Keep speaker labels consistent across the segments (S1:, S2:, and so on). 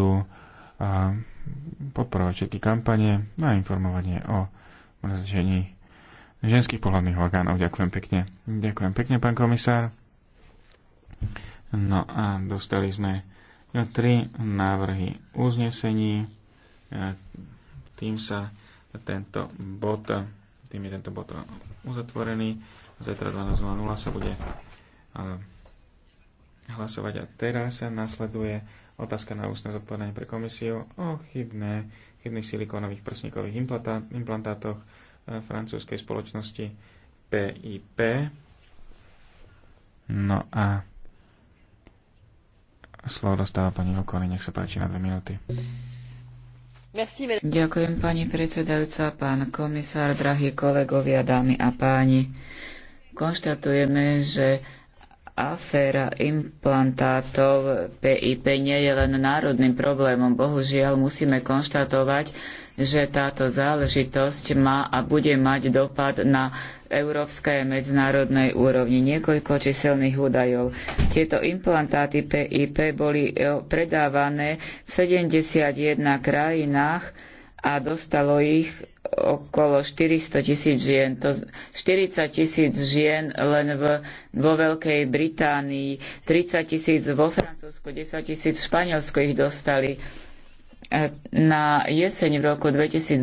S1: budú podporovať všetky kampane na informovanie o mrzení ženských pohľadných orgánov. Ďakujem pekne. Ďakujem pekne, pán komisár. No a dostali sme tri návrhy uznesení. E, tým sa tento bod, tým je tento bod uzatvorený. Zajtra 12.00 sa bude e, hlasovať a teraz sa nasleduje Otázka na ústne zodpovedanie pre komisiu o chybné, chybných silikónových prsníkových implantátoch e, francúzskej spoločnosti PIP. No a slovo dostáva pani Okony, nech sa páči na dve minúty.
S2: Ďakujem pani predsedajúca, pán komisár, drahí kolegovia, dámy a páni. Konštatujeme, že Aféra implantátov PIP nie je len národným problémom. Bohužiaľ musíme konštatovať, že táto záležitosť má a bude mať dopad na európskej a medzinárodnej úrovni. Niekoľko číselných údajov. Tieto implantáty PIP boli e, predávané v 71 krajinách a dostalo ich okolo 400 tisíc žien. To 40 tisíc žien len v, vo Veľkej Británii, 30 tisíc vo Francúzsku, 10 tisíc v Španielsku ich dostali. Na jeseň v roku 2012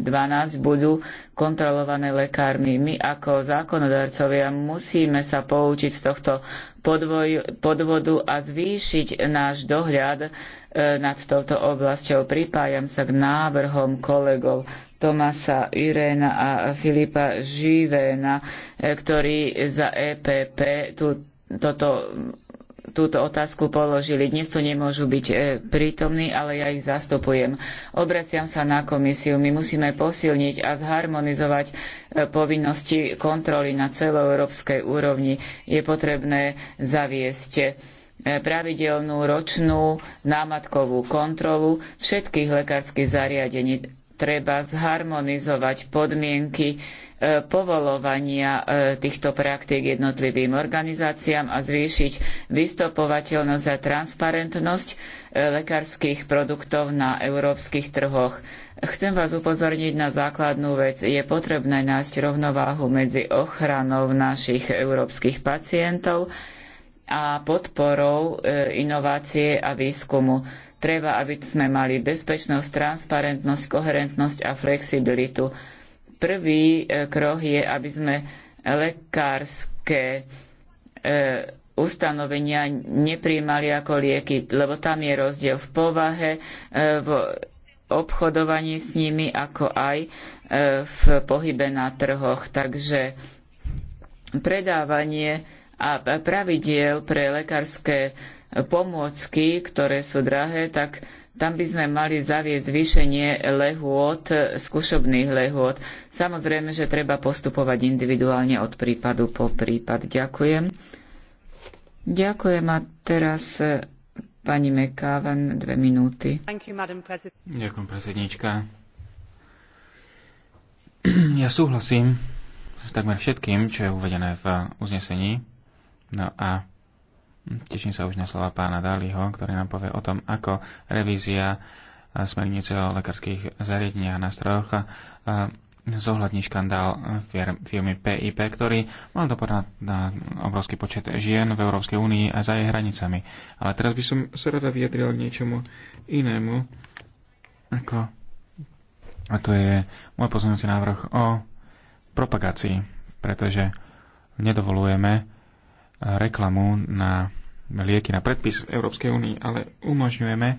S2: budú kontrolované lekármi. My ako zákonodarcovia musíme sa poučiť z tohto podvoj, podvodu a zvýšiť náš dohľad e, nad touto oblasťou. Pripájam sa k návrhom kolegov Tomasa Iréna a Filipa Živéna, eh, ktorí za EPP tú, toto, túto otázku položili. Dnes tu nemôžu byť eh, prítomní, ale ja ich zastupujem. Obraciam sa na komisiu. My musíme posilniť a zharmonizovať eh, povinnosti kontroly na celoeurópskej úrovni. Je potrebné zaviesť pravidelnú ročnú námatkovú kontrolu všetkých lekárskych zariadení treba zharmonizovať podmienky e, povolovania e, týchto praktík jednotlivým organizáciám a zvýšiť vystopovateľnosť a transparentnosť e, lekárskych produktov na európskych trhoch. Chcem vás upozorniť na základnú vec. Je potrebné nájsť rovnováhu medzi ochranou našich európskych pacientov a podporou inovácie a výskumu Treba, aby sme mali bezpečnosť, transparentnosť, koherentnosť a flexibilitu. Prvý e, krok je, aby sme lekárske e, ustanovenia nepríjmali ako lieky, lebo tam je rozdiel v povahe, e, v obchodovaní s nimi, ako aj v pohybe na trhoch. Takže predávanie a pravidiel pre lekárske pomôcky, ktoré sú drahé, tak tam by sme mali zaviesť zvýšenie lehôd, skúšobných lehôd. Samozrejme, že treba postupovať individuálne od prípadu po prípad. Ďakujem. Ďakujem a teraz eh, pani Mekáven dve minúty.
S1: Ďakujem, predsednička. Ja súhlasím s takmer všetkým, čo je uvedené v uznesení. No a Teším sa už na slova pána Daliho, ktorý nám povie o tom, ako revízia eh, smernice o lekárskych zariadeniach a strojoch eh, zohľadní škandál firmy PIP, ktorý mal dopad na, obrovský počet žien v Európskej únii a za jej hranicami. Ale teraz by som sa rada vyjadril k niečomu inému, ako a to je môj pozornosť návrh o propagácii, pretože nedovolujeme reklamu na lieky na predpis v Európskej únii, ale umožňujeme,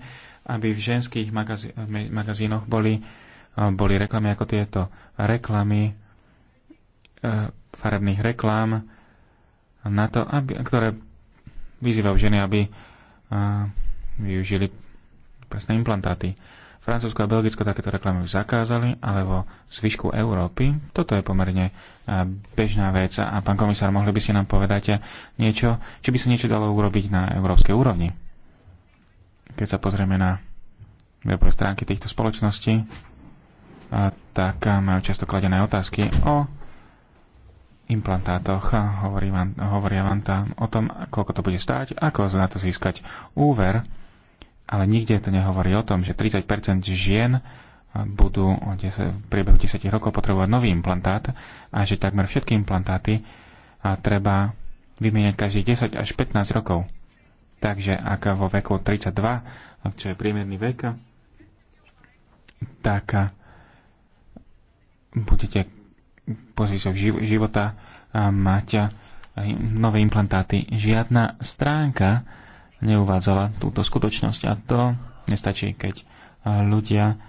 S1: aby v ženských magazí- magazínoch boli, eh, boli reklamy ako tieto reklamy eh, farebných reklám na to, aby, ktoré vyzývajú ženy, aby eh, využili presné implantáty. Francúzsko a Belgicko takéto reklamy už zakázali, ale vo zvyšku Európy toto je pomerne e, bežná vec. A pán komisár, mohli by ste nám povedať niečo, či by sa niečo dalo urobiť na európskej úrovni? Keď sa pozrieme na webové stránky týchto spoločností, tak majú často kladené otázky o implantátoch. Hovorí vám, hovoria vám tam o tom, koľko to bude stáť, ako na to získať úver ale nikde to nehovorí o tom, že 30 žien budú v priebehu 10 rokov potrebovať nový implantát a že takmer všetky implantáty treba vymieňať každých 10 až 15 rokov. Takže ak vo veku 32, čo je priemerný vek, tak budete pozíciou života mať nové implantáty. Žiadna stránka neuvádzala túto skutočnosť. A to nestačí, keď ľudia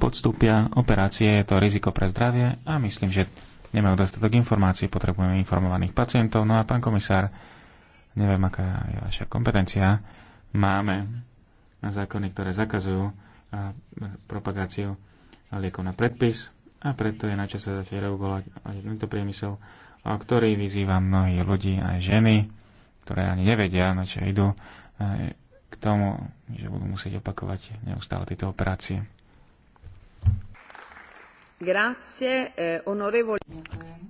S1: podstúpia operácie, je to riziko pre zdravie a myslím, že nemajú dostatok informácií, potrebujeme informovaných pacientov. No a pán komisár, neviem, aká je vaša kompetencia, máme zákony, ktoré zakazujú propagáciu liekov na predpis a preto je na čase začať regulovať tento priemysel, ktorý vyzýva mnohí ľudí aj ženy, ktoré ani nevedia, na čo idú, k tomu, že budú musieť opakovať neustále tieto operácie.
S2: Grazie, onorevole. Ďakujem.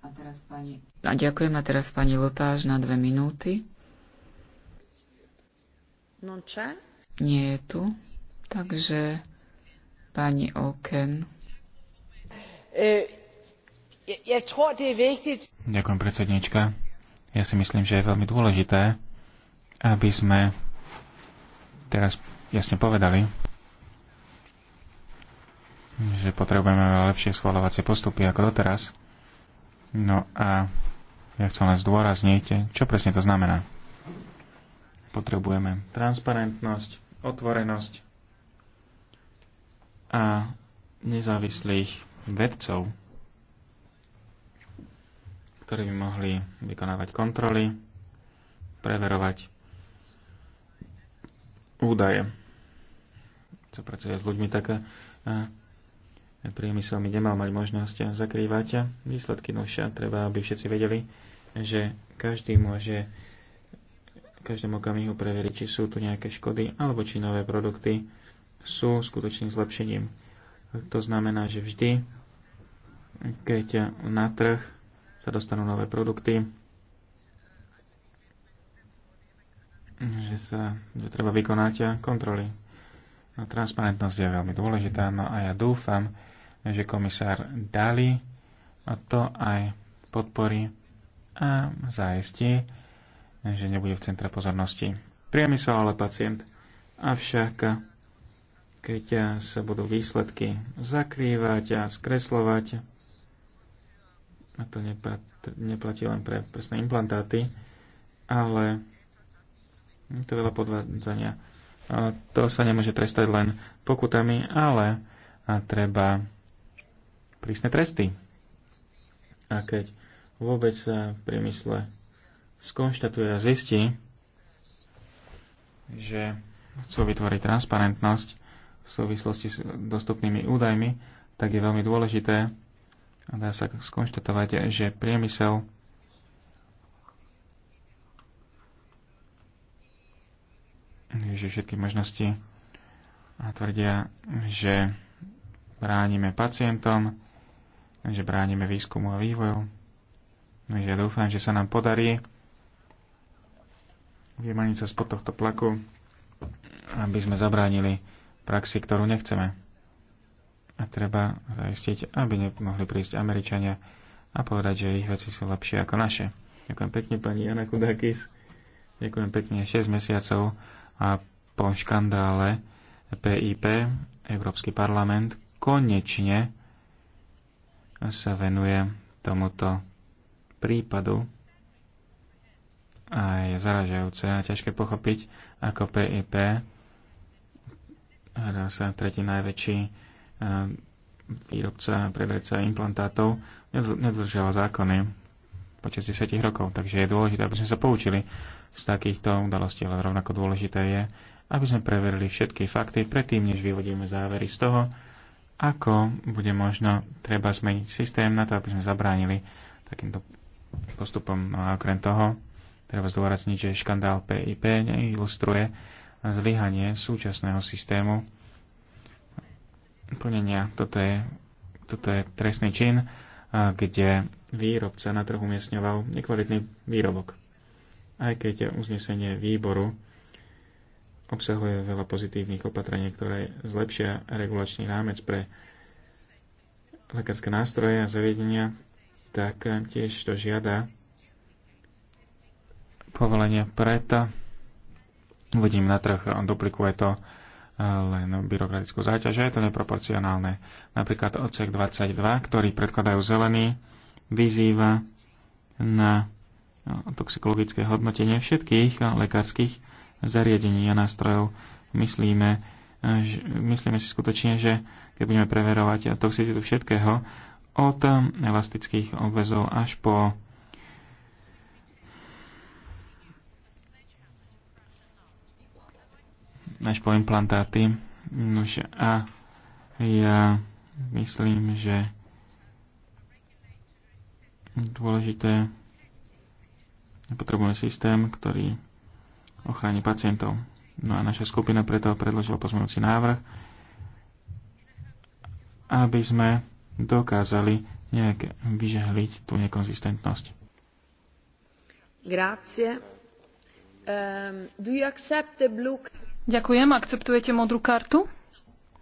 S2: A teraz pani... A ďakujem a teraz pani Lopáž na dve minúty. Non c'è? Nie je tu. Takže pani Oken. Eh, ja, ja tror, det er
S1: Ďakujem, predsednička ja si myslím, že je veľmi dôležité, aby sme teraz jasne povedali, že potrebujeme veľa lepšie schvalovacie postupy ako doteraz. No a ja chcem len zdôrazniť, čo presne to znamená. Potrebujeme transparentnosť, otvorenosť a nezávislých vedcov, ktorí by mohli vykonávať kontroly, preverovať údaje. Co pracuje s ľuďmi, tak e, priemysel mi nemal mať možnosť zakrývať výsledky Nošia. Treba, aby všetci vedeli, že každý môže každému okamihu preveriť, či sú tu nejaké škody, alebo či nové produkty sú skutočným zlepšením. To znamená, že vždy, keď na trh sa dostanú nové produkty, že sa že treba vykonať kontroly. No, transparentnosť je veľmi dôležitá, no a ja dúfam, že komisár Dali a to aj podporí a zajistí, že nebude v centre pozornosti priemysel, ale pacient. Avšak, keď sa budú výsledky zakrývať a skreslovať, a to neplatí len pre prsné implantáty, ale je to veľa podvádzania. A to sa nemôže trestať len pokutami, ale a treba prísne tresty. A keď vôbec sa v priemysle skonštatuje a zistí, že chcú vytvoriť transparentnosť v súvislosti s dostupnými údajmi, tak je veľmi dôležité, a dá sa skonštatovať, že priemysel že všetky možnosti a tvrdia, že bránime pacientom, že bránime výskumu a vývoju. Takže no ja dúfam, že sa nám podarí vymaniť sa spod tohto plaku, aby sme zabránili praxi, ktorú nechceme a treba zaistiť, aby nemohli prísť Američania a povedať, že ich veci sú lepšie ako naše. Ďakujem pekne pani Jana Kudakis. Ďakujem pekne 6 mesiacov a po škandále PIP Európsky parlament konečne sa venuje tomuto prípadu a je zaražajúce a ťažké pochopiť, ako PIP hrá sa tretí najväčší výrobca, predajca implantátov nedržiava zákony počas 10 rokov. Takže je dôležité, aby sme sa poučili z takýchto udalostí, ale rovnako dôležité je, aby sme preverili všetky fakty predtým, než vyvodíme závery z toho, ako bude možno treba zmeniť systém na to, aby sme zabránili takýmto postupom. No a okrem toho, treba zdôrazniť, že škandál PIP neilustruje zlyhanie súčasného systému plnenia. Toto je, toto je trestný čin, kde výrobca na trhu umiestňoval nekvalitný výrobok. Aj keď uznesenie výboru obsahuje veľa pozitívnych opatrení, ktoré zlepšia regulačný rámec pre lekárske nástroje a zariadenia, tak tiež to žiada povolenie preto Uvidím na trh a duplikuje to len no, byrokratickú záťaž je to neproporcionálne. Napríklad odsek 22, ktorý predkladajú zelený, vyzýva na no, toxikologické hodnotenie všetkých no, lekárskych zariadení a nástrojov. Myslíme, e, že, myslíme si skutočne, že keď budeme preverovať toxicitu všetkého, od e, elastických obvezov až po až po implantáty. Nož a ja myslím, že dôležité potrebujeme systém, ktorý ochráni pacientov. No a naša skupina preto predložila pozmeňujúci návrh, aby sme dokázali nejak vyžehliť tú nekonzistentnosť.
S2: Grazie.
S3: Um, do you accept the blue...
S4: Ďakujem. Akceptujete modrú kartu?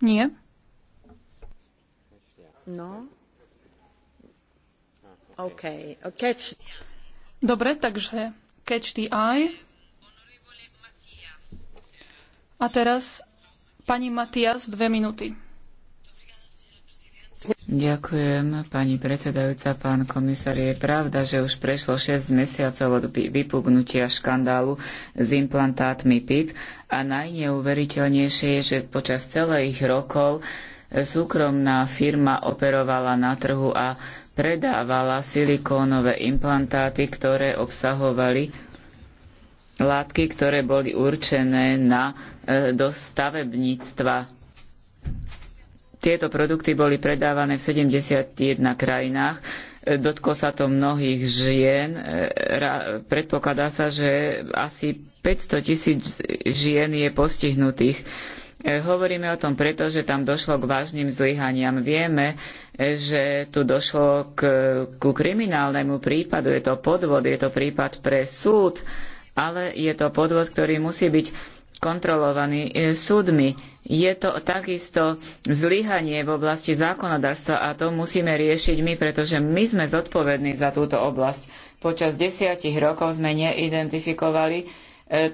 S4: Nie.
S3: No.
S2: OK. Catch.
S4: Dobre, takže catch the eye. A teraz pani Matias, dve minúty.
S2: Ďakujem, pani predsedajúca, pán komisár. Je pravda, že už prešlo 6 mesiacov od vypuknutia škandálu s implantátmi PIP a najneuveriteľnejšie je, že počas celých rokov súkromná firma operovala na trhu a predávala silikónové implantáty, ktoré obsahovali látky, ktoré boli určené na, e, do stavebníctva tieto produkty boli predávané v 71 krajinách. E, dotklo sa to mnohých žien. E, predpokladá sa, že asi 500 tisíc žien je postihnutých. E, hovoríme o tom preto, že tam došlo k vážnym zlyhaniam. Vieme, že tu došlo k, ku kriminálnemu prípadu. Je to podvod, je to prípad pre súd, ale je to podvod, ktorý musí byť kontrolovaní e, súdmi. Je to takisto zlyhanie v oblasti zákonodarstva a to musíme riešiť my, pretože my sme zodpovední za túto oblasť. Počas desiatich rokov sme neidentifikovali e,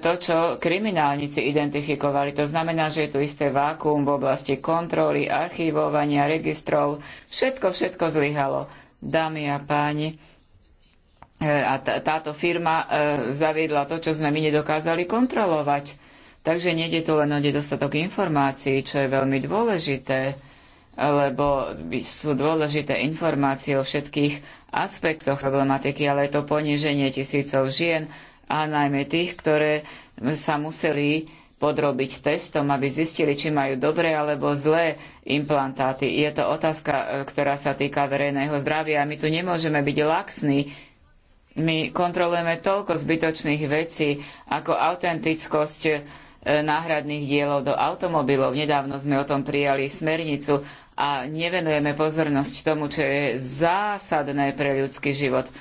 S2: to, čo kriminálnici identifikovali. To znamená, že je tu isté vákuum v oblasti kontroly, archívovania, registrov. Všetko, všetko zlyhalo. Dámy a páni, e, a táto firma zaviedla to, čo sme my nedokázali kontrolovať. Takže nejde tu len o nedostatok informácií, čo je veľmi dôležité, lebo sú dôležité informácie o všetkých aspektoch problematiky, ale je to poníženie tisícov žien a najmä tých, ktoré sa museli podrobiť testom, aby zistili, či majú dobré alebo zlé implantáty. Je to otázka, e, ktorá sa týka verejného zdravia. My tu nemôžeme byť laxní, my kontrolujeme toľko zbytočných vecí ako autentickosť E, náhradných dielov do automobilov. Nedávno sme o tom prijali smernicu a nevenujeme pozornosť tomu, čo je zásadné pre ľudský život. E,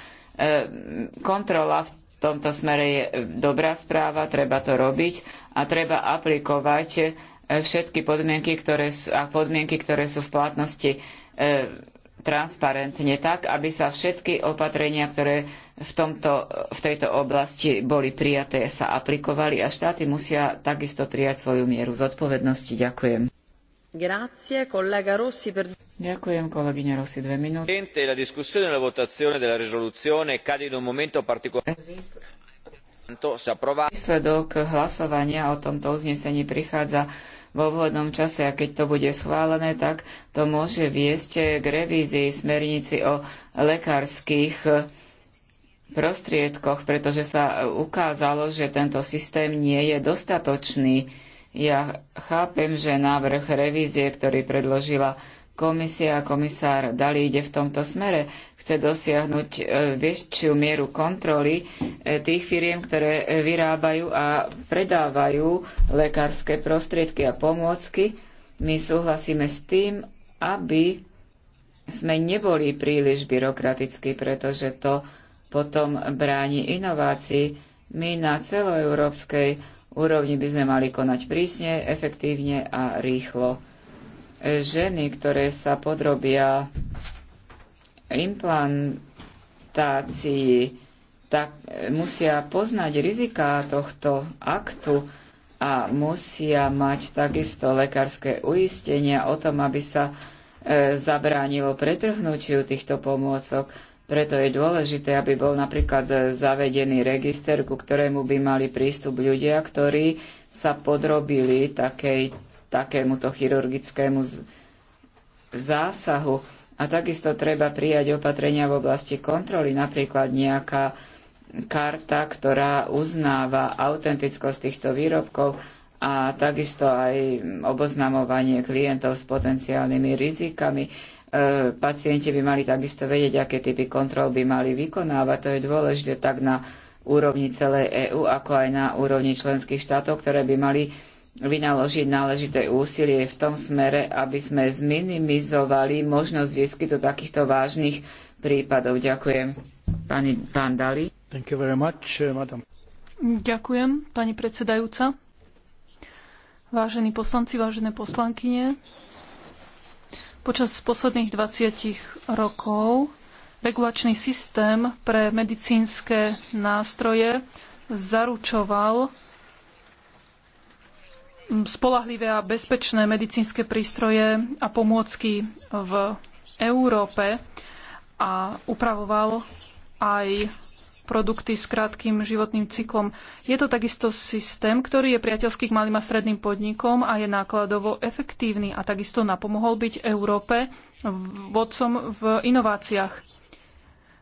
S2: kontrola v tomto smere je dobrá správa, treba to robiť a treba aplikovať e, všetky podmienky, ktoré sú, a podmienky, ktoré sú v platnosti transparentne tak, aby sa všetky opatrenia, ktoré v, tomto, v tejto oblasti boli prijaté, sa aplikovali a štáty musia takisto prijať svoju mieru zodpovednosti. Ďakujem.
S3: Grazie, Rossi per...
S2: Ďakujem, kolegyňa Rossi, dve minúty.
S5: La discussione e la votazione della risoluzione cade in un momento particolare.
S2: Výsledok hlasovania o tomto uznesení prichádza vo vhodnom čase a keď to bude schválené, tak to môže viesť k revízii smernici o lekárskych e, prostriedkoch, pretože sa e, ukázalo, že tento systém nie je dostatočný. Ja chápem, že návrh revízie, ktorý predložila Komisia a komisár Dali ide v tomto smere. Chce dosiahnuť e, väčšiu mieru kontroly e, tých firiem, ktoré vyrábajú a predávajú lekárske prostriedky a pomôcky. My súhlasíme s tým, aby sme neboli príliš byrokratickí, pretože to potom bráni inovácii. My na celoeurópskej úrovni by sme mali konať prísne, efektívne a rýchlo ženy, ktoré sa podrobia implantácii, tak e, musia poznať riziká tohto aktu a musia mať takisto lekárske uistenia o tom, aby sa e, zabránilo pretrhnutiu týchto pomôcok. Preto je dôležité, aby bol napríklad zavedený register, ku ktorému by mali prístup ľudia, ktorí sa podrobili takej takémuto chirurgickému zásahu. A takisto treba prijať opatrenia v oblasti kontroly, napríklad nejaká karta, ktorá uznáva autentickosť týchto výrobkov a takisto aj oboznamovanie klientov s potenciálnymi rizikami. E, pacienti by mali takisto vedieť, aké typy kontrol by mali vykonávať. To je dôležité tak na úrovni celej EÚ, ako aj na úrovni členských štátov, ktoré by mali vynaložiť náležité úsilie v tom smere, aby sme zminimizovali možnosť výskytu takýchto vážnych prípadov. Ďakujem. Pani, pán Dali. Thank you very much, eh, madam.
S4: Ďakujem, pani predsedajúca. Vážení poslanci, vážené poslankyne, počas posledných 20 rokov regulačný systém pre medicínske nástroje zaručoval spolahlivé a bezpečné medicínske prístroje a pomôcky v Európe a upravoval aj produkty s krátkým životným cyklom. Je to takisto systém, ktorý je priateľský k malým a stredným podnikom a je nákladovo efektívny a takisto napomohol byť Európe vodcom v inováciách.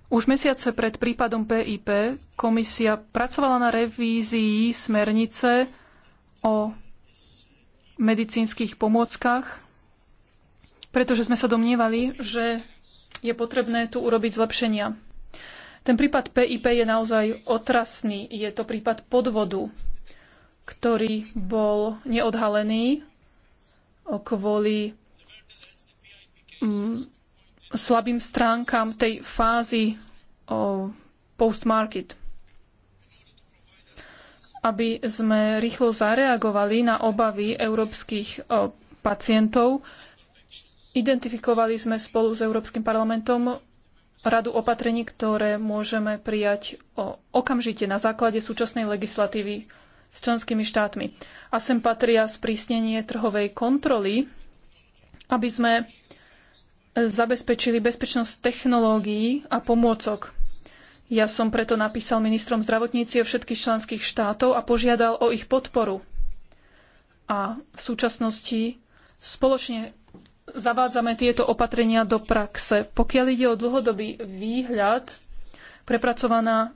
S4: Už mesiace pred prípadom PIP komisia pracovala na revízii smernice o medicínskych pomôckach, pretože sme sa domnievali, že je potrebné tu urobiť zlepšenia. Ten prípad PIP je naozaj otrasný. Je to prípad podvodu, ktorý bol neodhalený kvôli mm, slabým stránkam tej fázy post-market aby sme rýchlo zareagovali na obavy európskych e, pacientov. Identifikovali sme spolu s Európskym parlamentom radu opatrení, ktoré môžeme prijať okamžite na základe súčasnej legislatívy s členskými štátmi. A sem patria sprísnenie trhovej kontroly, aby sme zabezpečili bezpečnosť technológií a pomôcok. Ja som preto napísal ministrom zdravotnície všetkých členských štátov a požiadal o ich podporu. A v súčasnosti spoločne zavádzame tieto opatrenia do praxe. Pokiaľ ide o dlhodobý výhľad, prepracovaná e,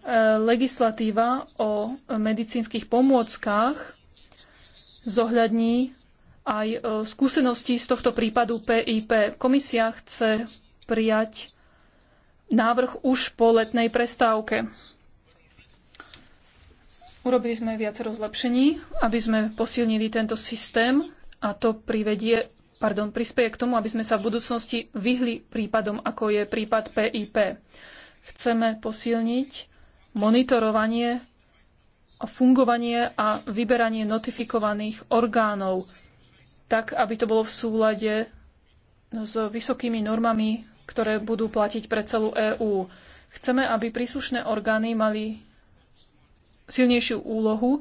S4: legislatíva o medicínskych pomôckach zohľadní aj e, skúsenosti z tohto prípadu PIP. Komisia chce prijať návrh už po letnej prestávke. Urobili sme viacero zlepšení, aby sme posilnili tento systém a to privedie, pardon, prispieje k tomu, aby sme sa v budúcnosti vyhli prípadom, ako je prípad PIP. Chceme posilniť monitorovanie, fungovanie a vyberanie notifikovaných orgánov, tak aby to bolo v súlade s vysokými normami ktoré budú platiť pre celú EÚ. Chceme, aby príslušné orgány mali silnejšiu úlohu e,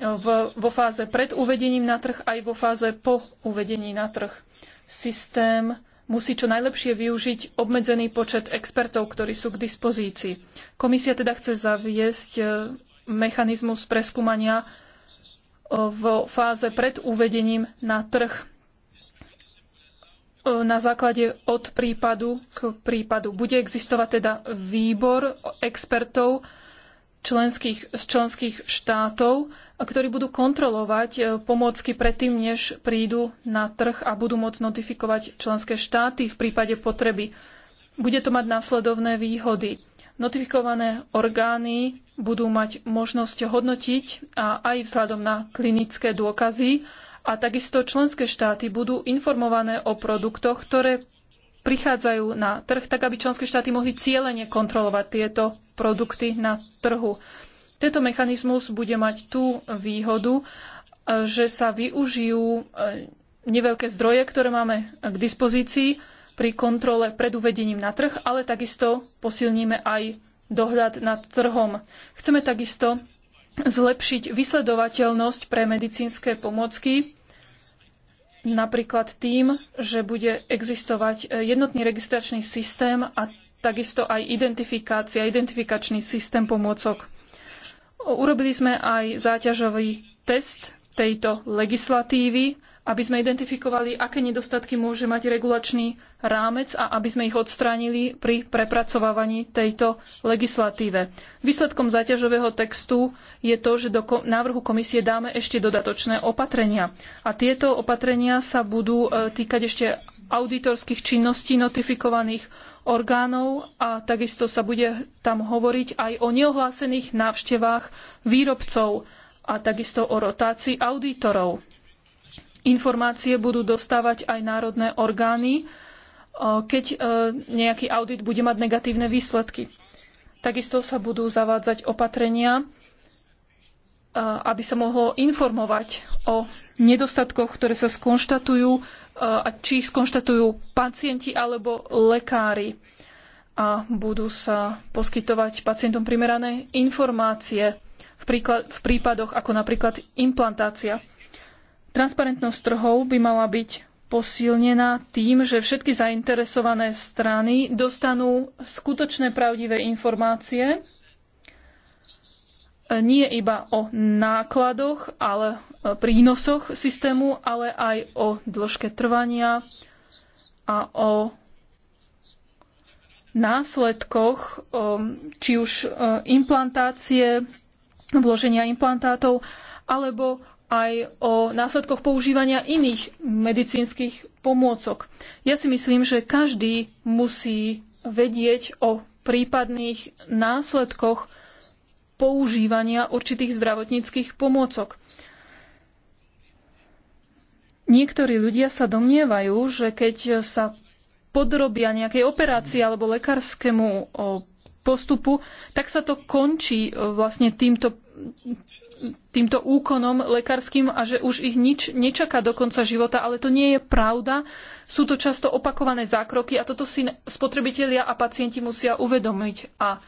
S4: v, vo fáze pred uvedením na trh aj vo fáze po uvedení na trh. Systém musí čo najlepšie využiť obmedzený počet expertov, ktorí sú k dispozícii. Komisia teda chce zaviesť e, mechanizmus preskúmania e, vo fáze pred uvedením na trh na základe od prípadu k prípadu. Bude existovať teda výbor expertov členských, z členských štátov, ktorí budú kontrolovať e, pomôcky predtým, než prídu na trh a budú môcť notifikovať členské štáty v prípade potreby. Bude to mať následovné výhody. Notifikované orgány budú mať možnosť hodnotiť a aj vzhľadom na klinické dôkazy a takisto členské štáty budú informované o produktoch, ktoré prichádzajú na trh, tak aby členské štáty mohli cieľene kontrolovať tieto produkty na trhu. Tento mechanizmus bude mať tú výhodu, že sa využijú e, neveľké zdroje, ktoré máme k dispozícii pri kontrole pred uvedením na trh, ale takisto posilníme aj dohľad nad trhom. Chceme takisto zlepšiť vysledovateľnosť pre medicínske pomocky, napríklad tým, že bude existovať e, jednotný registračný systém a takisto aj identifikácia, identifikačný systém pomôcok. Urobili sme aj záťažový test tejto legislatívy aby sme identifikovali, aké nedostatky môže mať regulačný rámec a aby sme ich odstránili pri prepracovávaní tejto legislatíve. Výsledkom záťažového textu je to, že do návrhu komisie dáme ešte dodatočné opatrenia. A tieto opatrenia sa budú e, týkať ešte auditorských činností notifikovaných orgánov a takisto sa bude tam hovoriť aj o neohlásených návštevách výrobcov a takisto o rotácii auditorov. Informácie budú dostávať aj národné orgány, keď e, nejaký audit bude mať negatívne výsledky. Takisto sa budú zavádzať opatrenia, e, aby sa mohlo informovať o nedostatkoch, ktoré sa skonštatujú, e, a či ich skonštatujú pacienti alebo lekári. A budú sa poskytovať pacientom primerané informácie v, v prípadoch ako napríklad implantácia. Transparentnosť trhov by mala byť posilnená tým, že všetky zainteresované strany dostanú skutočné pravdivé informácie, nie iba o nákladoch, ale e, prínosoch systému, ale aj o dĺžke trvania a o následkoch, e, či už e, implantácie, vloženia implantátov, alebo aj o následkoch používania iných medicínskych pomôcok. Ja si myslím, že každý musí vedieť o prípadných následkoch používania určitých zdravotníckých pomôcok. Niektorí ľudia sa domnievajú, že keď sa podrobia nejakej operácii alebo lekárskému postupu, tak sa to končí e, vlastne týmto, týmto úkonom lekárským a že už ich nič nečaká do konca života, ale to nie je pravda. Sú to často opakované zákroky a toto si spotrebitelia a pacienti musia uvedomiť. A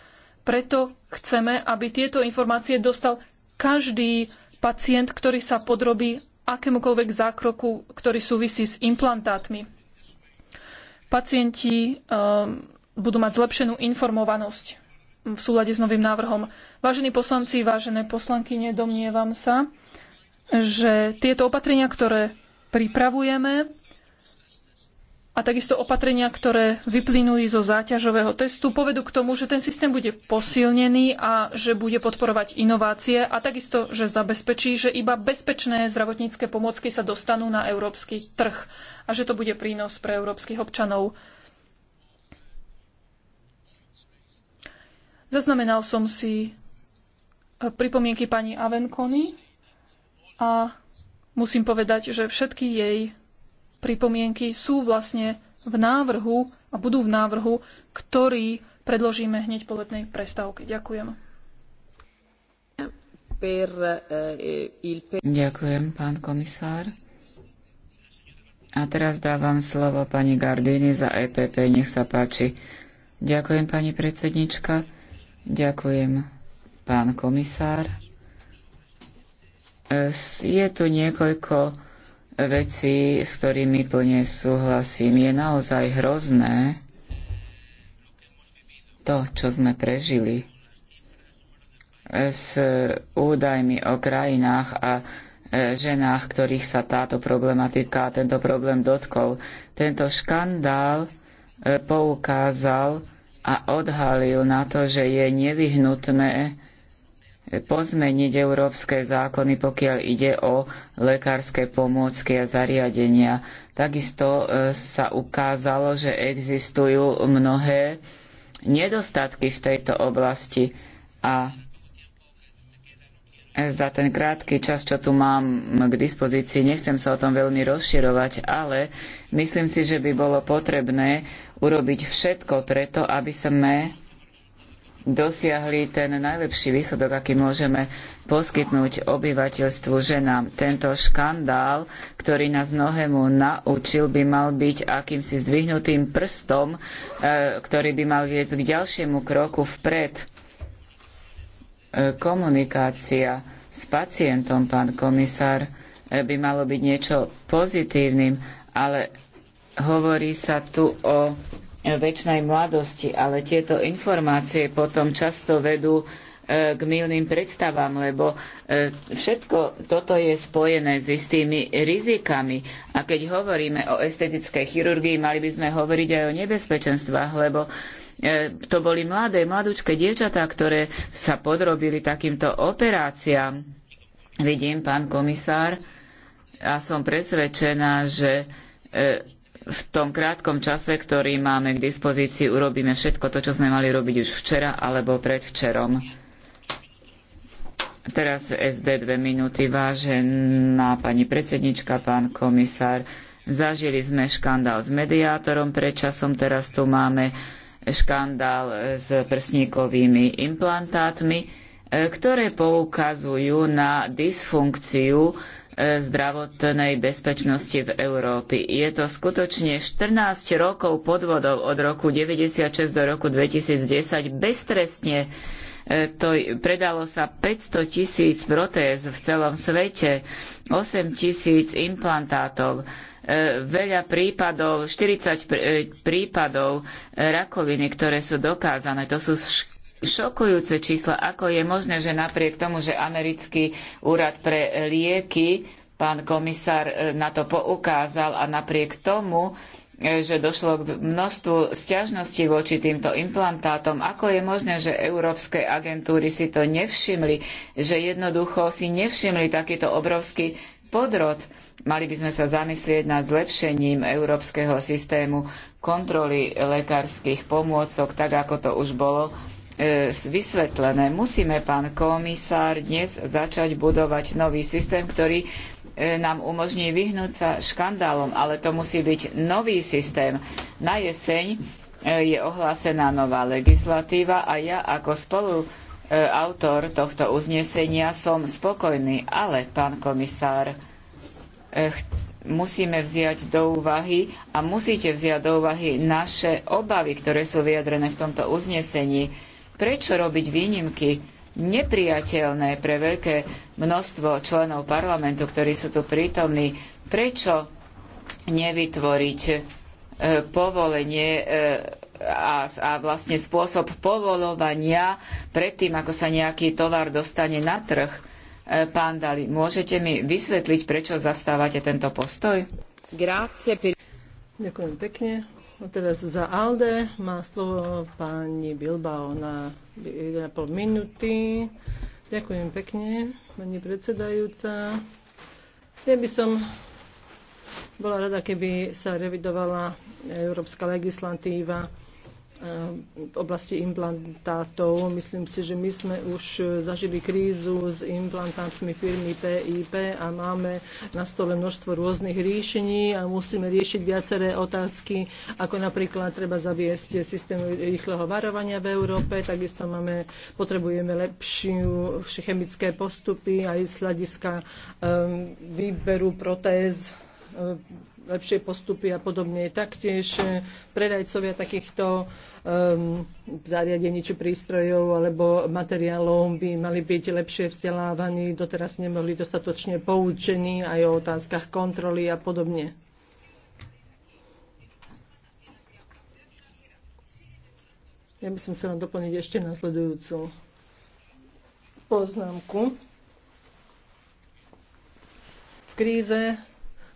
S4: preto chceme, aby tieto informácie dostal každý pacient, ktorý sa podrobí akémukoľvek zákroku, ktorý súvisí s implantátmi. Pacienti um, budú mať zlepšenú informovanosť v súlade s novým návrhom. Vážení poslanci, vážené poslankyne, domnievam sa, že tieto opatrenia, ktoré pripravujeme a takisto opatrenia, ktoré vyplynuli zo záťažového testu, povedú k tomu, že ten systém bude posilnený a že bude podporovať inovácie a takisto, že zabezpečí, že iba bezpečné zdravotnícke pomôcky sa dostanú na európsky trh a že to bude prínos pre európskych občanov. Zaznamenal som si eh, pripomienky pani Avenkony a musím povedať, že všetky jej pripomienky sú vlastne v návrhu a budú v návrhu, ktorý predložíme hneď po letnej prestávke. Ďakujem. Eh,
S2: Ďakujem, pán komisár. A teraz dávam slovo pani Gardini za EPP. Nech sa páči. Ďakujem, pani predsednička. Ďakujem, pán komisár. E, je tu niekoľko vecí, s ktorými plne súhlasím. Je naozaj hrozné to, čo sme prežili e, s údajmi o krajinách a e, ženách, ktorých sa táto problematika a tento problém dotkol. Tento škandál poukázal, a odhalil na to, že je nevyhnutné pozmeniť európske zákony, pokiaľ ide o lekárske pomôcky a zariadenia. Takisto e, sa ukázalo, že existujú mnohé nedostatky v tejto oblasti a za ten krátky čas, čo tu mám k dispozícii. Nechcem sa o tom veľmi rozširovať, ale myslím si, že by bolo potrebné urobiť všetko preto, aby sme dosiahli ten najlepší výsledok, aký môžeme poskytnúť obyvateľstvu ženám. Tento škandál, ktorý nás mnohému naučil, by mal byť akýmsi zdvihnutým prstom, e, ktorý by mal viesť k ďalšiemu kroku vpred E, komunikácia s pacientom, pán komisár, e, by malo byť niečo pozitívnym, ale hovorí sa tu o väčšnej mladosti, ale tieto informácie potom často vedú e, k milným predstavám, lebo všetko toto je spojené s istými rizikami. A keď hovoríme o estetickej chirurgii, mali by sme hovoriť aj o nebezpečenstvách, lebo E, to boli mladé, mladúčké dievčatá, ktoré sa podrobili takýmto operáciám. Vidím, pán komisár, a som presvedčená, že e, v tom krátkom čase, ktorý máme k dispozícii, urobíme všetko to, čo sme mali robiť už včera alebo predvčerom. Teraz SD dve minúty, vážená pani predsednička, pán komisár. Zažili sme škandál s mediátorom pred časom, teraz tu máme škandál s prsníkovými implantátmi, e, ktoré poukazujú na dysfunkciu e, zdravotnej bezpečnosti v Európe. Je to skutočne 14 rokov podvodov od roku 96 do roku 2010 beztrestne e, to predalo sa 500 tisíc protéz v celom svete, 8 tisíc implantátov. E, veľa prípadov, 40 e, prípadov rakoviny, ktoré sú dokázané. To sú šokujúce čísla. Ako je možné, že napriek tomu, že americký úrad pre lieky, pán komisár e, na to poukázal a napriek tomu, že došlo k množstvu sťažností voči týmto implantátom. Ako je možné, že európske agentúry si to nevšimli, že jednoducho si nevšimli takýto obrovský podrod? Mali by sme sa zamyslieť nad zlepšením európskeho systému kontroly lekárskych pomôcok, tak ako to už bolo e, vysvetlené. Musíme, pán komisár, dnes začať budovať nový systém, ktorý e, nám umožní vyhnúť sa škandálom, ale to musí byť nový systém. Na jeseň e, je ohlásená nová legislatíva a ja ako spolu autor tohto uznesenia som spokojný, ale pán komisár, Eh, musíme vziať do úvahy a musíte vziať do úvahy naše obavy, ktoré sú vyjadrené v tomto uznesení. Prečo robiť výnimky nepriateľné pre veľké množstvo členov parlamentu, ktorí sú tu prítomní? Prečo nevytvoriť eh, povolenie eh, a, a vlastne spôsob povolovania predtým, ako sa nejaký tovar dostane na trh? Eh, pán Dali, môžete mi vysvetliť, prečo zastávate tento postoj?
S6: Ďakujem pekne. A teraz za ALDE má slovo pani Bilbao na 1,5 minúty. Ďakujem pekne, pani predsedajúca. Ja by som bola rada, keby sa revidovala európska legislatíva v oblasti implantátov. Myslím si, že my sme už eh, zažili krízu s implantátmi firmy PIP a máme na stole množstvo rôznych riešení a musíme riešiť viaceré otázky, ako napríklad treba zaviesť systém rýchleho varovania v Európe, takisto máme, potrebujeme lepšiu chemické postupy aj z hľadiska um, výberu protéz E, lepšie postupy a podobne. Taktiež e, predajcovia takýchto um, zariadení či prístrojov alebo materiálov by mali byť lepšie vzdelávaní, doteraz nemohli dostatočne poučení aj o otázkach kontroly a podobne. Ja by som chcela doplniť ešte nasledujúcu poznámku. V kríze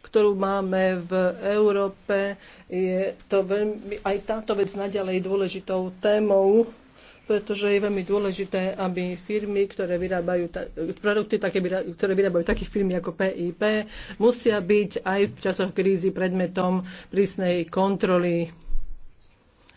S6: ktorú máme v Európe. Je to veľmi, aj táto vec naďalej dôležitou témou pretože je veľmi dôležité, aby firmy, ktoré vyrábajú ta- produkty, také, ktoré vyrábajú takých firmy ako PIP, musia byť aj v časoch krízy predmetom prísnej kontroly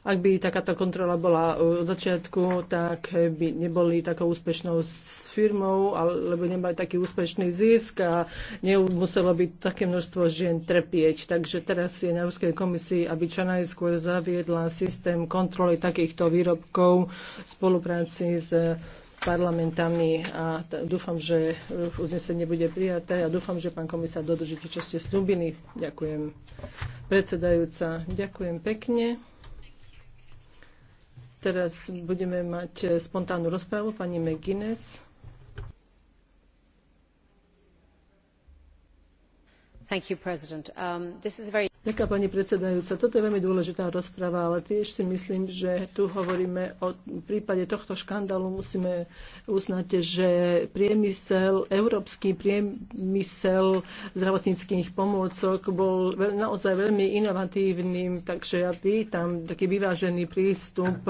S6: ak by takáto kontrola bola e, od začiatku, tak by neboli takou úspešnou s firmou, alebo nemali taký úspešný zisk a nemuselo by také množstvo žien trpieť. Takže teraz je na Európskej komisii, aby čo najskôr zaviedla systém kontroly takýchto výrobkov v spolupráci s parlamentami a dúfam, že e, uznesenie bude prijaté a dúfam, že pán komisár to, čo ste slúbili. Ďakujem. Predsedajúca, ďakujem pekne. Teraz budeme mať eh, spontánnu rozpravu pani McGuinness. Um, pani predsedajúca. Toto je veľmi dôležitá rozprava, ale tiež si myslím, že tu hovoríme o prípade tohto škandálu. Musíme uznať, že priemysel, európsky priemysel zdravotníckých pomôcok bol naozaj veľmi inovatívnym, takže ja vítam taký vyvážený prístup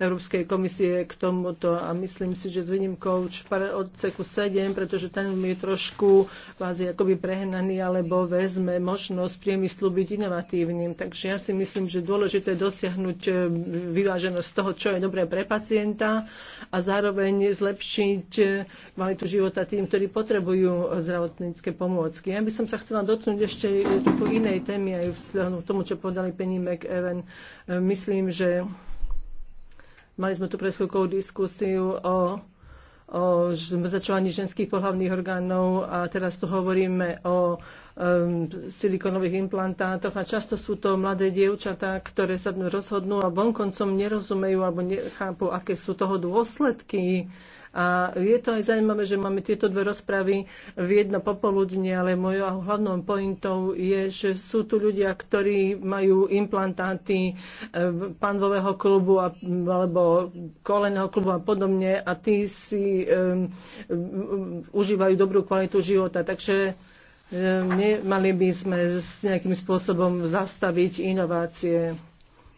S6: Európskej komisie k tomuto a myslím si, že s výnimkou odseku 7, pretože ten je trošku kvázi akoby prehnaný, alebo alebo vezme možnosť priemyslu byť inovatívnym. Takže ja si myslím, že dôležité je dosiahnuť e, vyváženosť toho, čo je dobré pre pacienta a zároveň zlepšiť e, kvalitu života tým, ktorí potrebujú e, zdravotnícke pomôcky. Ja by som sa chcela dotknúť ešte trochu inej témy aj v k tomu, čo povedali Penny McEwen. Myslím, že mali sme tu pred chvíľkou diskusiu o o zmrzačovaní ženských pohľavných orgánov a teraz tu hovoríme o um, silikonových implantátoch a často sú to mladé dievčatá, ktoré sa rozhodnú a vonkoncom nerozumejú alebo nechápu, aké sú toho dôsledky. Uh, a je to aj zaujímavé, že máme tieto dve rozpravy v jedno popoludne, ale mojou hlavnou pointou je, že sú tu ľudia, ktorí majú implantáty e, panvového klubu a, alebo koleného klubu a podobne a tí si um, um, užívajú dobrú kvalitu života. Takže e, nemali by sme s nejakým spôsobom zastaviť inovácie.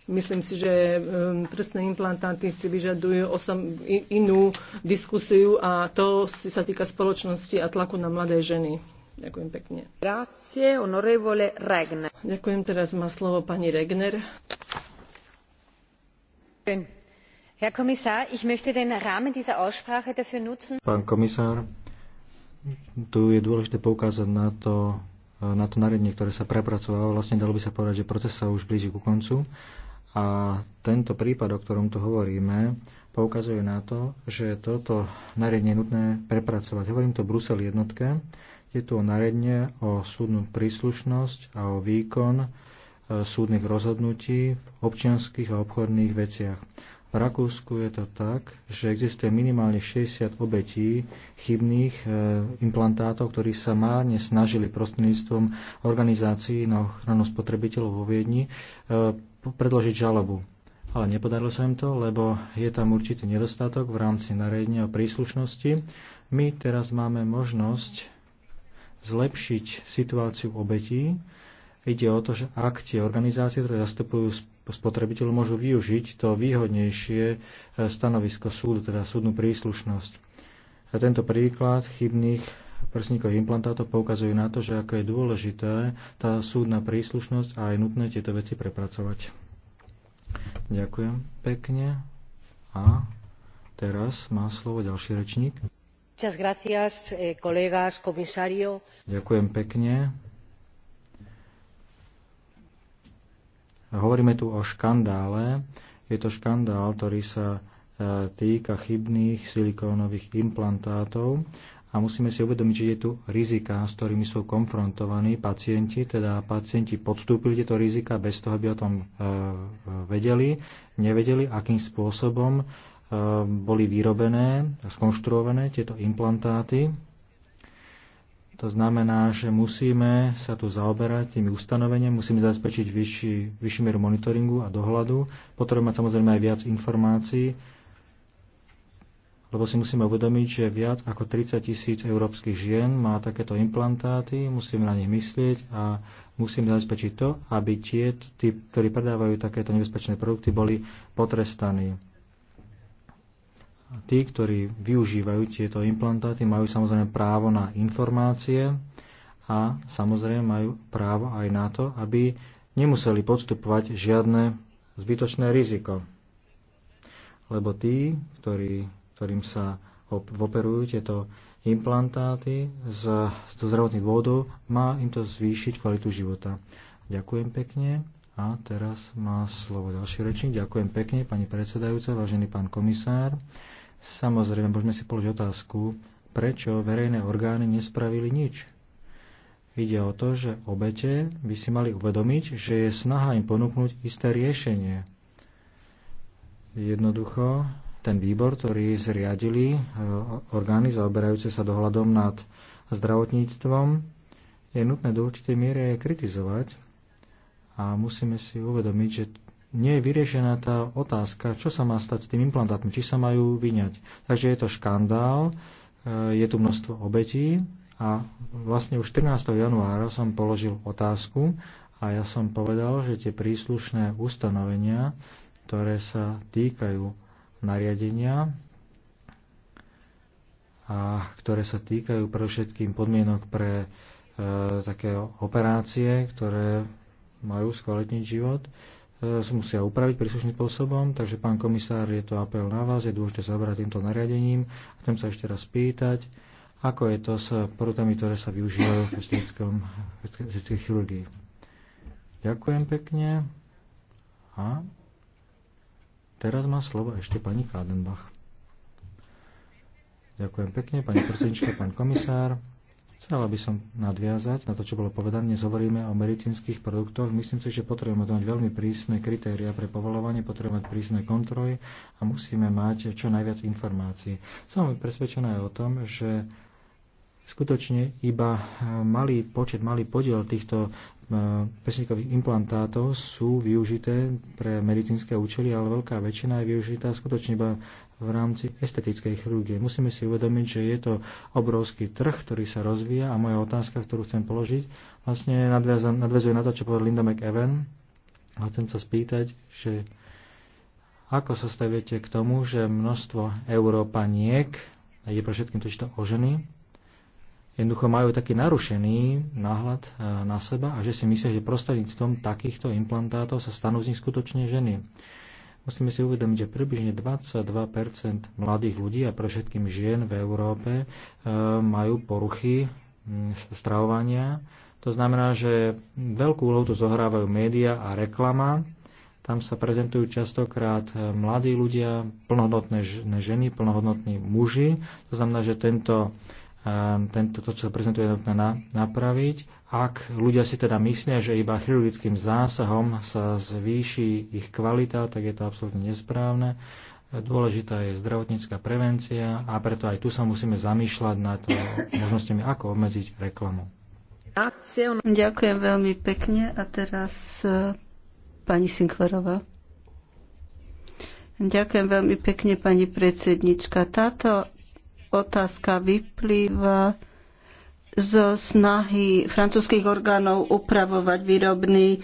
S6: Myslím si, že um, prstné implantáty si vyžadujú osam, inú diskusiu a to si sa týka spoločnosti a tlaku na mladé ženy. Ďakujem pekne. Grazie, onorevole Regner. Ďakujem, teraz má slovo pani Regner.
S3: Herr Kommissar, ich möchte den Rahmen dieser Aussprache dafür nutzen.
S5: Pán komisár, tu je dôležité poukázať na to, na to nariadenie, ktoré sa prepracovalo. Vlastne dalo by sa povedať, že proces sa už blíži ku koncu. A tento prípad, o ktorom tu hovoríme, poukazuje na to, že toto nariadenie je nutné prepracovať. Hovorím to Brusel jednotke. Je tu o nariadenie o súdnu príslušnosť a o výkon e, súdnych rozhodnutí v občianských a obchodných veciach. V Rakúsku je to tak, že existuje minimálne 60 obetí chybných e, implantátov, ktorí sa márne snažili prostredníctvom organizácií na ochranu spotrebiteľov vo Viedni e, predložiť žalobu. Ale nepodarilo sa im to, lebo je tam určitý nedostatok v rámci nariadenia o príslušnosti. My teraz máme možnosť zlepšiť situáciu obetí. Ide o to, že ak tie organizácie, ktoré zastupujú spotrebiteľov, môžu využiť to výhodnejšie e, stanovisko súdu, teda súdnu príslušnosť. A tento príklad chybných prsníkových implantátov poukazujú na to, že ako je dôležité tá súdna príslušnosť a je nutné tieto veci prepracovať. Ďakujem pekne. A teraz má slovo ďalší rečník.
S3: Gracias, kolegas, eh,
S5: Ďakujem pekne. Hovoríme tu o škandále. Je to škandál, ktorý sa eh, týka chybných silikónových implantátov a musíme si uvedomiť, že je tu rizika, s ktorými sú konfrontovaní pacienti, teda pacienti podstúpili tieto rizika bez toho, aby o tom e, vedeli, nevedeli, akým spôsobom e, boli vyrobené, skonštruované tieto implantáty, to znamená, že musíme sa tu zaoberať tými ustanoveniami, musíme zabezpečiť vyšší, vyšší mieru monitoringu a dohľadu. Potrebujeme mať samozrejme aj viac informácií lebo si musíme uvedomiť, že viac ako 30 tisíc európskych žien má takéto implantáty, musíme na nich myslieť a musíme zabezpečiť to, aby tie, tí, ktorí predávajú takéto nebezpečné produkty, boli potrestaní. Tí, ktorí využívajú tieto implantáty, majú samozrejme právo na informácie a samozrejme majú právo aj na to, aby nemuseli podstupovať žiadne zbytočné riziko. Lebo tí, ktorí ktorým sa operujú tieto implantáty z, z zdravotných dôvodov, má im to zvýšiť kvalitu života. Ďakujem pekne. A teraz má slovo ďalší rečník. Ďakujem pekne, pani predsedajúca, vážený pán komisár. Samozrejme, môžeme si položiť otázku, prečo verejné orgány nespravili nič. Ide o to, že obete by si mali uvedomiť, že je snaha im ponúknuť isté riešenie. Jednoducho, ten výbor, ktorý zriadili e, orgány zaoberajúce sa dohľadom nad zdravotníctvom, je nutné do určitej miery aj kritizovať a musíme si uvedomiť, že nie je vyriešená tá otázka, čo sa má stať s tým implantátmi, či sa majú vyňať. Takže je to škandál, e, je tu množstvo obetí a vlastne už 13. januára som položil otázku a ja som povedal, že tie príslušné ustanovenia, ktoré sa týkajú nariadenia, a ktoré sa týkajú predovšetkým podmienok pre e, také operácie, ktoré majú skvalitniť život, e, musia upraviť príslušným spôsobom. Takže, pán komisár, je to apel na vás, je dôležité zaoberať týmto nariadením. Chcem sa ešte raz pýtať, ako je to s produktami, ktoré sa využívajú v estetickej chirurgii. Ďakujem pekne. A Teraz má slovo ešte pani Kádenbach. Ďakujem pekne, pani predsednička, pán komisár. Chcela by som nadviazať na to, čo bolo povedané. Dnes hovoríme o medicínskych produktoch. Myslím si, že potrebujeme mať veľmi prísne kritéria pre povolovanie, potrebujeme mať prísne kontroly a musíme mať čo najviac informácií. Som presvedčená aj o tom, že skutočne iba eh, malý počet, malý podiel týchto eh, pesníkových implantátov sú využité pre medicínske účely, ale veľká väčšina je využitá skutočne iba v rámci estetickej chirurgie. Musíme si uvedomiť, že je to obrovský trh, ktorý sa rozvíja a moja otázka, ktorú chcem položiť, vlastne nadvezuje na to, čo povedal Linda McEwen. A chcem sa spýtať, že ako sa staviete k tomu, že množstvo Európaniek, a ide pre všetkým to, to o ženy, jednoducho majú taký narušený náhľad e, na seba a že si myslia, že prostredníctvom takýchto implantátov sa stanú z nich skutočne ženy. Musíme si uvedomiť, že približne 22 mladých ľudí a pre všetkým žien v Európe e, majú poruchy stravovania. To znamená, že veľkú úlohu tu zohrávajú média a reklama. Tam sa prezentujú častokrát e, mladí ľudia, plnohodnotné ženy, plnohodnotní muži. To znamená, že tento tento, to, čo sa prezentuje, je nutné na, napraviť. Ak ľudia si teda myslia, že iba chirurgickým zásahom sa zvýši ich kvalita, tak je to absolútne nesprávne. Dôležitá je zdravotnícka prevencia a preto aj tu sa musíme zamýšľať nad eh, možnosťami, ako obmedziť reklamu.
S3: Ďakujem veľmi pekne a teraz eh, pani Sinklerová. Ďakujem veľmi pekne, pani predsednička. Táto otázka vyplýva zo snahy francúzskych orgánov upravovať výrobný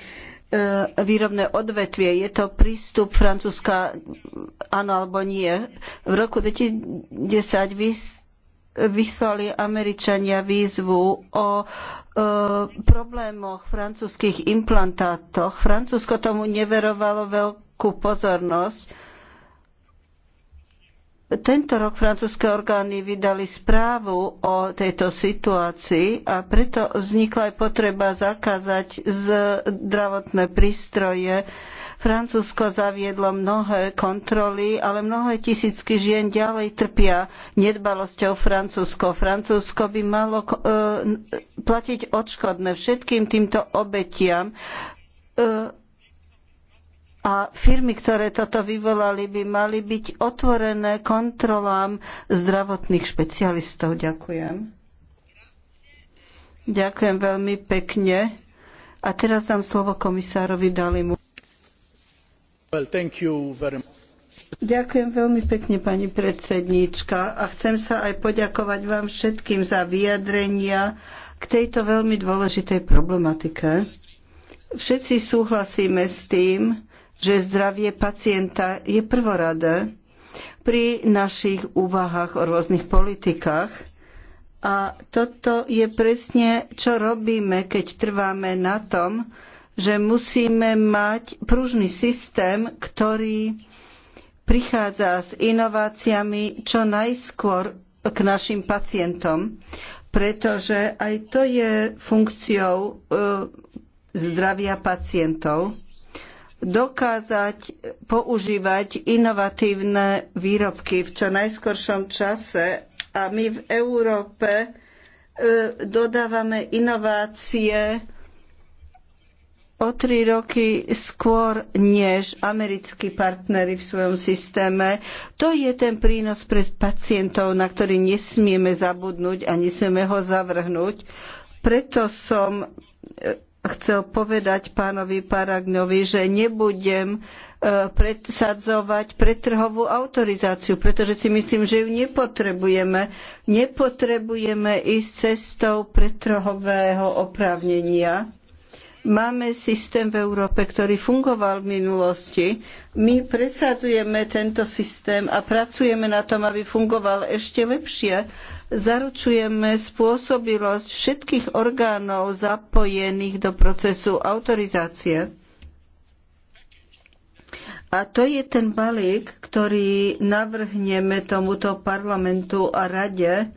S3: e, výrobné odvetvie. Je to prístup Francúzska, áno alebo nie. V roku 2010 vyslali Američania výzvu o e, problémoch francúzskych implantátoch. Francúzsko tomu neverovalo veľkú pozornosť tento rok francúzske orgány vydali správu o tejto situácii a preto vznikla aj potreba zakázať zdravotné prístroje. Francúzsko zaviedlo mnohé kontroly, ale mnohé tisícky žien ďalej trpia nedbalosťou Francúzsko. Francúzsko by malo e, platiť odškodné všetkým týmto obetiam e, a firmy, ktoré toto vyvolali, by mali byť otvorené kontrolám zdravotných špecialistov. Ďakujem. Ďakujem veľmi pekne. A teraz dám slovo komisárovi Dalimu. Well, Ďakujem veľmi pekne, pani predsedníčka. A chcem sa aj poďakovať vám všetkým za vyjadrenia k tejto veľmi dôležitej problematike. Všetci súhlasíme s tým, že zdravie pacienta je prvoradé pri našich úvahách o rôznych politikách. A toto je presne, čo robíme, keď trváme na tom, že musíme mať pružný systém, ktorý prichádza s inováciami čo najskôr k našim pacientom, pretože aj to je funkciou e, zdravia pacientov dokázať používať inovatívne výrobky v čo najskoršom čase a my v Európe e, dodávame inovácie o tri roky skôr než americkí partnery v svojom systéme. To je ten prínos pre pacientov, na ktorý nesmieme zabudnúť a nesmieme ho zavrhnúť. Preto som e, chcel povedať pánovi Paragňovi, že nebudem e, presadzovať pretrhovú autorizáciu, pretože si myslím, že ju nepotrebujeme. Nepotrebujeme ísť cestou pretrhového oprávnenia Máme systém v Európe, ktorý fungoval v minulosti. My presadzujeme tento systém a pracujeme na tom, aby fungoval ešte lepšie. Zaručujeme spôsobilosť všetkých orgánov zapojených do procesu autorizácie. A to je ten balík, ktorý navrhneme tomuto parlamentu a rade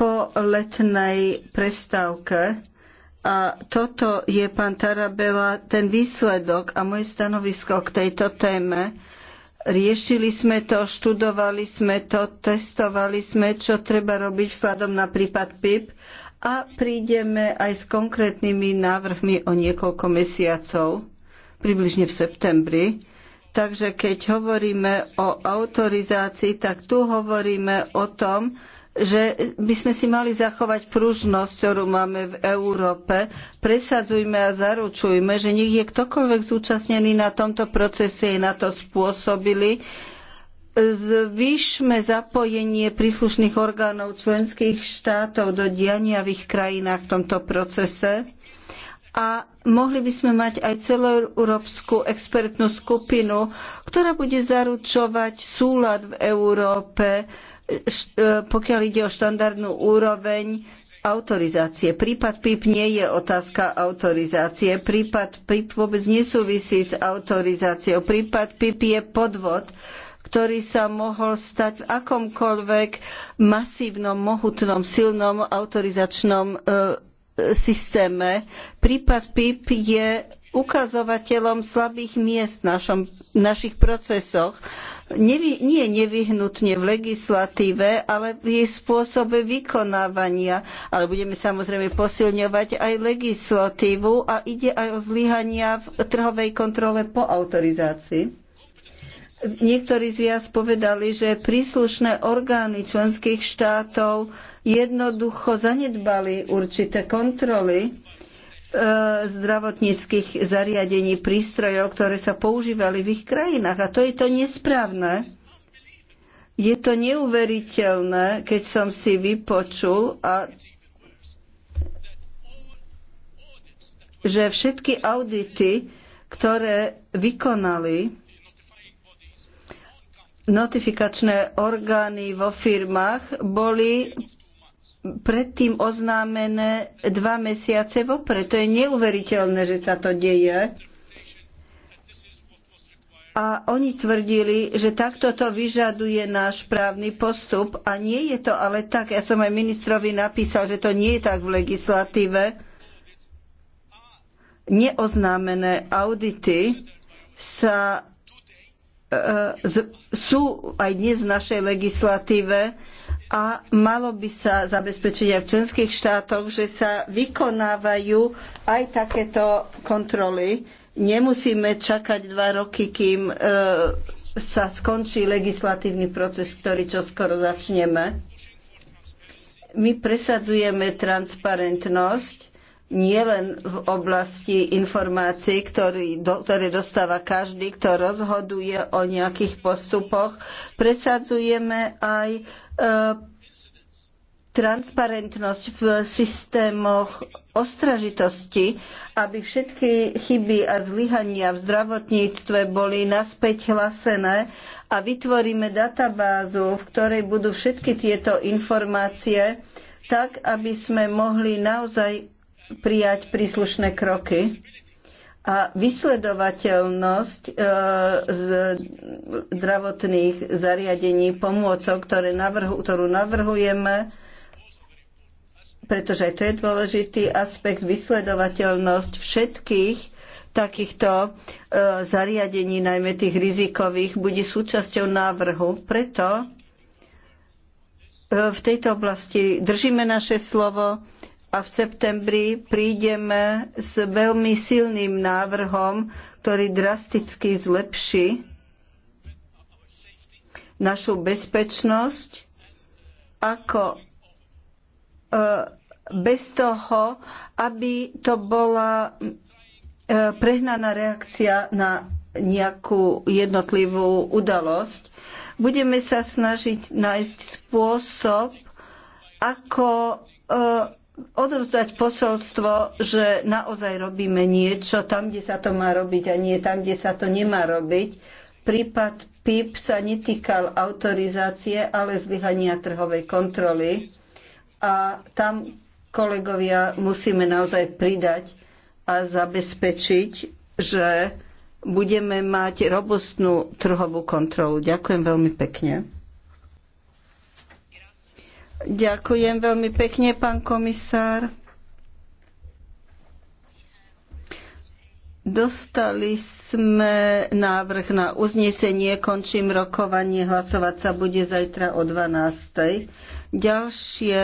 S3: po letnej prestávke. A toto je, pán Tarabela, ten výsledok a moje stanovisko k tejto téme. Riešili sme to, študovali sme to, testovali sme, čo treba robiť vzhľadom na prípad PIP a prídeme aj s konkrétnymi návrhmi o niekoľko mesiacov, približne v septembri. Takže keď hovoríme o autorizácii, tak tu hovoríme o tom, že by sme si mali zachovať pružnosť, ktorú máme v Európe. Presadzujme a zaručujme, že nech je ktokoľvek zúčastnený na tomto procese, je na to spôsobili. Zvýšme zapojenie príslušných orgánov členských štátov do diania v ich krajinách v tomto procese. A mohli by sme mať aj celoeurópsku expertnú skupinu, ktorá bude zaručovať súlad v Európe E, pokiaľ ide o štandardnú úroveň autorizácie. Prípad PIP nie je otázka autorizácie. Prípad PIP vôbec nesúvisí s autorizáciou. Prípad PIP je podvod, ktorý sa mohol stať v akomkoľvek masívnom, mohutnom, silnom autorizačnom e, systéme. Prípad PIP je ukazovateľom slabých miest v našom, našich procesoch nevy, nie nevyhnutne v legislatíve, ale v jej spôsobe vykonávania. Ale budeme samozrejme posilňovať aj legislatívu a ide aj o zlyhania v trhovej kontrole po autorizácii. Niektorí z vás povedali, že príslušné orgány členských štátov jednoducho zanedbali určité kontroly E, zdravotníckých zariadení, prístrojov, ktoré sa používali v ich krajinách. A to je to nesprávne. Je to neuveriteľné, keď som si vypočul, a, že všetky audity, ktoré vykonali notifikačné orgány vo firmách, boli predtým oznámené dva mesiace vopred. To je neuveriteľné, že sa to deje. A oni tvrdili, že takto to vyžaduje náš právny postup. A nie je to ale tak. Ja som aj ministrovi napísal, že to nie je tak v legislatíve. Neoznámené audity sa, e, z, sú aj dnes v našej legislatíve a malo by sa zabezpečiť aj v členských štátoch, že sa vykonávajú aj takéto kontroly. Nemusíme čakať dva roky, kým e, sa skončí legislatívny proces, ktorý čo skoro začneme. My presadzujeme transparentnosť nielen v oblasti informácií, ktorý, do, ktoré dostáva každý, kto rozhoduje o nejakých postupoch. Presadzujeme aj e, transparentnosť v systémoch ostražitosti, aby všetky chyby a zlyhania v zdravotníctve boli naspäť hlasené a vytvoríme databázu, v ktorej budú všetky tieto informácie, tak aby sme mohli naozaj prijať príslušné kroky. A vysledovateľnosť e, zdravotných zariadení pomôcok, ktoré navrhu, ktorú navrhujeme, pretože aj to je dôležitý aspekt, vysledovateľnosť všetkých takýchto e, zariadení, najmä tých rizikových, bude súčasťou návrhu. Preto e, v tejto oblasti držíme naše slovo, a v septembri prídeme s veľmi silným návrhom, ktorý drasticky zlepší našu bezpečnosť, ako e, bez toho, aby to bola e, prehnaná reakcia na nejakú jednotlivú udalosť. Budeme sa snažiť nájsť spôsob, ako e, odovzdať posolstvo, že naozaj robíme niečo tam, kde sa to má robiť a nie tam, kde sa to nemá robiť. Prípad PIP sa netýkal autorizácie, ale zlyhania trhovej kontroly. A tam, kolegovia, musíme naozaj pridať a zabezpečiť, že budeme mať robustnú trhovú kontrolu. Ďakujem veľmi pekne. Ďakujem veľmi pekne, pán komisár. Dostali sme návrh na uznesenie, končím rokovanie, hlasovať sa bude zajtra o 12.00. Ďalšie